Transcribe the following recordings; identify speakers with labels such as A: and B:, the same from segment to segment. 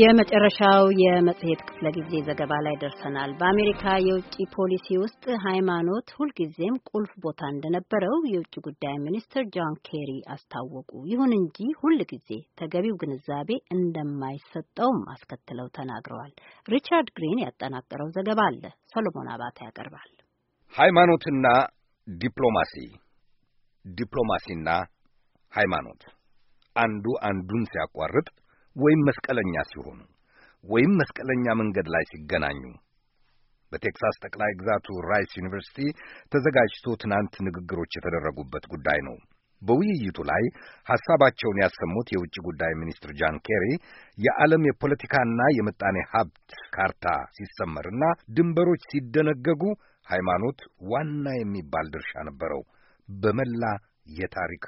A: የመጨረሻው የመጽሔት ክፍለ ጊዜ ዘገባ ላይ ደርሰናል። በአሜሪካ የውጭ ፖሊሲ ውስጥ ሃይማኖት ሁልጊዜም ቁልፍ ቦታ እንደነበረው የውጭ ጉዳይ ሚኒስትር ጆን ኬሪ አስታወቁ። ይሁን እንጂ ሁልጊዜ ተገቢው ግንዛቤ እንደማይሰጠውም አስከትለው ተናግረዋል። ሪቻርድ ግሪን ያጠናቀረው ዘገባ አለ። ሰሎሞን አባተ ያቀርባል። ሃይማኖትና ዲፕሎማሲ፣ ዲፕሎማሲና ሃይማኖት አንዱ አንዱን ሲያቋርጥ ወይም መስቀለኛ ሲሆኑ ወይም መስቀለኛ መንገድ ላይ ሲገናኙ በቴክሳስ ጠቅላይ ግዛቱ ራይስ ዩኒቨርሲቲ ተዘጋጅቶ ትናንት ንግግሮች የተደረጉበት ጉዳይ ነው። በውይይቱ ላይ ሐሳባቸውን ያሰሙት የውጭ ጉዳይ ሚኒስትር ጃን ኬሪ የዓለም የፖለቲካና የምጣኔ ሀብት ካርታ ሲሰመርና ድንበሮች ሲደነገጉ ሃይማኖት ዋና የሚባል ድርሻ ነበረው በመላ የታሪክ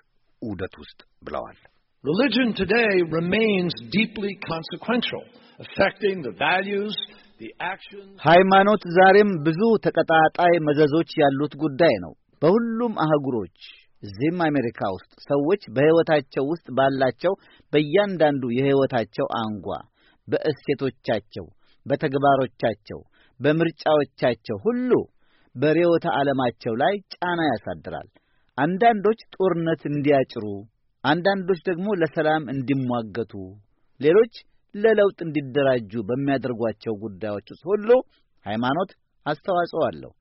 A: ዑደት ውስጥ ብለዋል። Religion today
B: remains deeply consequential,
A: affecting the values, the actions.
B: ሃይማኖት ዛሬም ብዙ ተቀጣጣይ መዘዞች ያሉት ጉዳይ ነው። በሁሉም አህጉሮች እዚህም አሜሪካ ውስጥ ሰዎች በሕይወታቸው ውስጥ ባላቸው በእያንዳንዱ የሕይወታቸው አንጓ፣ በእሴቶቻቸው፣ በተግባሮቻቸው፣ በምርጫዎቻቸው ሁሉ በርዕዮተ ዓለማቸው ላይ ጫና ያሳድራል። አንዳንዶች ጦርነት እንዲያጭሩ አንዳንዶች ደግሞ ለሰላም እንዲሟገቱ፣ ሌሎች ለለውጥ እንዲደራጁ በሚያደርጓቸው ጉዳዮች ውስጥ ሁሉ ሃይማኖት አስተዋጽኦ አለው።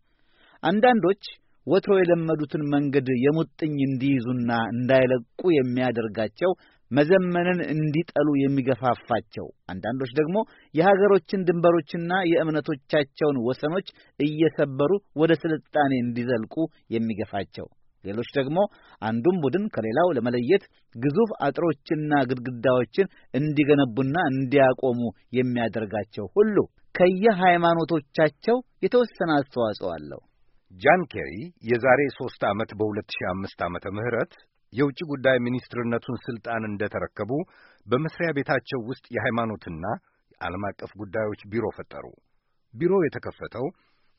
B: አንዳንዶች ወትሮ የለመዱትን መንገድ የሙጥኝ እንዲይዙና እንዳይለቁ የሚያደርጋቸው መዘመንን እንዲጠሉ የሚገፋፋቸው፣ አንዳንዶች ደግሞ የሀገሮችን ድንበሮችና የእምነቶቻቸውን ወሰኖች እየሰበሩ ወደ ስልጣኔ እንዲዘልቁ የሚገፋቸው ሌሎች ደግሞ አንዱን ቡድን ከሌላው ለመለየት ግዙፍ አጥሮችና ግድግዳዎችን እንዲገነቡና እንዲያቆሙ የሚያደርጋቸው ሁሉ ከየሃይማኖቶቻቸው የተወሰነ አስተዋጽኦ አለው። ጃን ኬሪ የዛሬ ሦስት ዓመት
A: በ2005 ዓመተ ምህረት የውጭ ጉዳይ ሚኒስትርነቱን ሥልጣን እንደተረከቡ በመሥሪያ ቤታቸው ውስጥ የሃይማኖትና የዓለም አቀፍ ጉዳዮች ቢሮ ፈጠሩ። ቢሮው የተከፈተው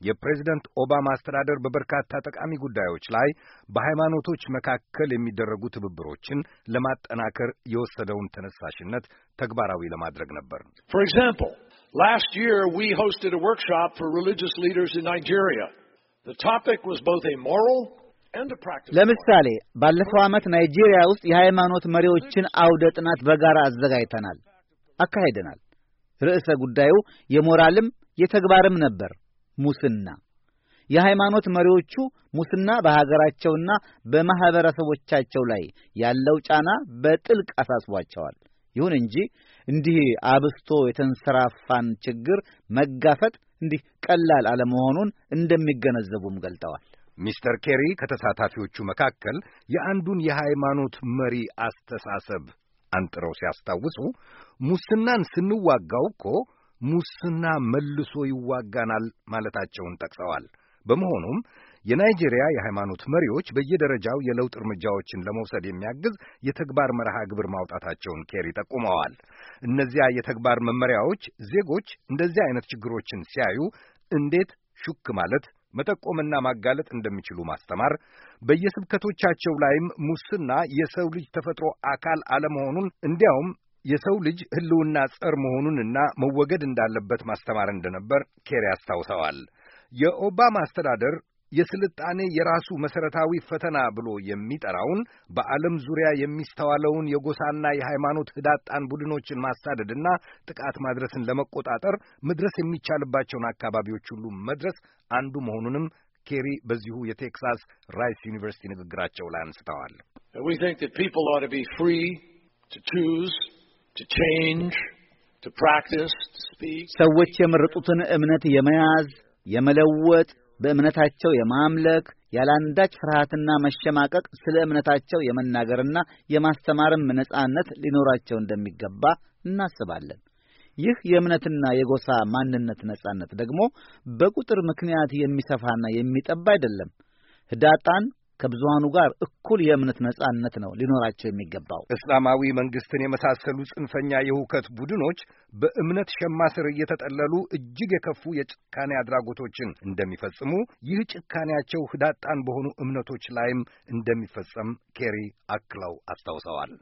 A: የፕሬዚደንት ኦባማ አስተዳደር በበርካታ ጠቃሚ ጉዳዮች ላይ በሃይማኖቶች መካከል የሚደረጉ ትብብሮችን ለማጠናከር የወሰደውን ተነሳሽነት ተግባራዊ ለማድረግ ነበር። Last year we hosted a workshop for
B: ለምሳሌ ባለፈው ዓመት ናይጄሪያ ውስጥ የሃይማኖት መሪዎችን አውደ ጥናት በጋራ አዘጋጅተናል አካሂደናል። ርዕሰ ጉዳዩ የሞራልም የተግባርም ነበር። ሙስና የሃይማኖት መሪዎቹ ሙስና በሀገራቸውና በማኅበረሰቦቻቸው ላይ ያለው ጫና በጥልቅ አሳስቧቸዋል። ይሁን እንጂ እንዲህ አብስቶ የተንሰራፋን ችግር መጋፈጥ እንዲህ ቀላል አለመሆኑን እንደሚገነዘቡም ገልጠዋል።
A: ሚስተር ኬሪ ከተሳታፊዎቹ መካከል የአንዱን የሃይማኖት መሪ አስተሳሰብ አንጥረው ሲያስታውሱ ሙስናን ስንዋጋው እኮ ሙስና መልሶ ይዋጋናል ማለታቸውን ጠቅሰዋል። በመሆኑም የናይጄሪያ የሃይማኖት መሪዎች በየደረጃው የለውጥ እርምጃዎችን ለመውሰድ የሚያግዝ የተግባር መርሃ ግብር ማውጣታቸውን ኬሪ ጠቁመዋል። እነዚያ የተግባር መመሪያዎች ዜጎች እንደዚህ አይነት ችግሮችን ሲያዩ እንዴት ሹክ ማለት መጠቆምና ማጋለጥ እንደሚችሉ ማስተማር፣ በየስብከቶቻቸው ላይም ሙስና የሰው ልጅ ተፈጥሮ አካል አለመሆኑን እንዲያውም የሰው ልጅ ሕልውና ጸር መሆኑንና መወገድ እንዳለበት ማስተማር እንደነበር ኬሪ አስታውሰዋል። የኦባማ አስተዳደር የስልጣኔ የራሱ መሰረታዊ ፈተና ብሎ የሚጠራውን በዓለም ዙሪያ የሚስተዋለውን የጎሳና የሃይማኖት ህዳጣን ቡድኖችን ማሳደድና ጥቃት ማድረስን ለመቆጣጠር መድረስ የሚቻልባቸውን አካባቢዎች ሁሉ መድረስ አንዱ መሆኑንም ኬሪ በዚሁ የቴክሳስ ራይስ ዩኒቨርሲቲ ንግግራቸው ላይ አንስተዋል።
B: ሰዎች የመረጡትን እምነት የመያዝ የመለወጥ በእምነታቸው የማምለክ ያላንዳች ፍርሃትና መሸማቀቅ ስለ እምነታቸው የመናገርና የማስተማርም ነጻነት ሊኖራቸው እንደሚገባ እናስባለን። ይህ የእምነትና የጎሳ ማንነት ነጻነት ደግሞ በቁጥር ምክንያት የሚሰፋና የሚጠባ አይደለም። ህዳጣን ከብዙሃኑ ጋር እኩል የእምነት ነጻነት ነው ሊኖራቸው የሚገባው። እስላማዊ መንግስትን የመሳሰሉ
A: ጽንፈኛ የሁከት ቡድኖች በእምነት ሸማ ስር እየተጠለሉ እጅግ የከፉ የጭካኔ አድራጎቶችን እንደሚፈጽሙ፣ ይህ ጭካኔያቸው ህዳጣን በሆኑ እምነቶች ላይም እንደሚፈጸም ኬሪ አክለው አስታውሰዋል።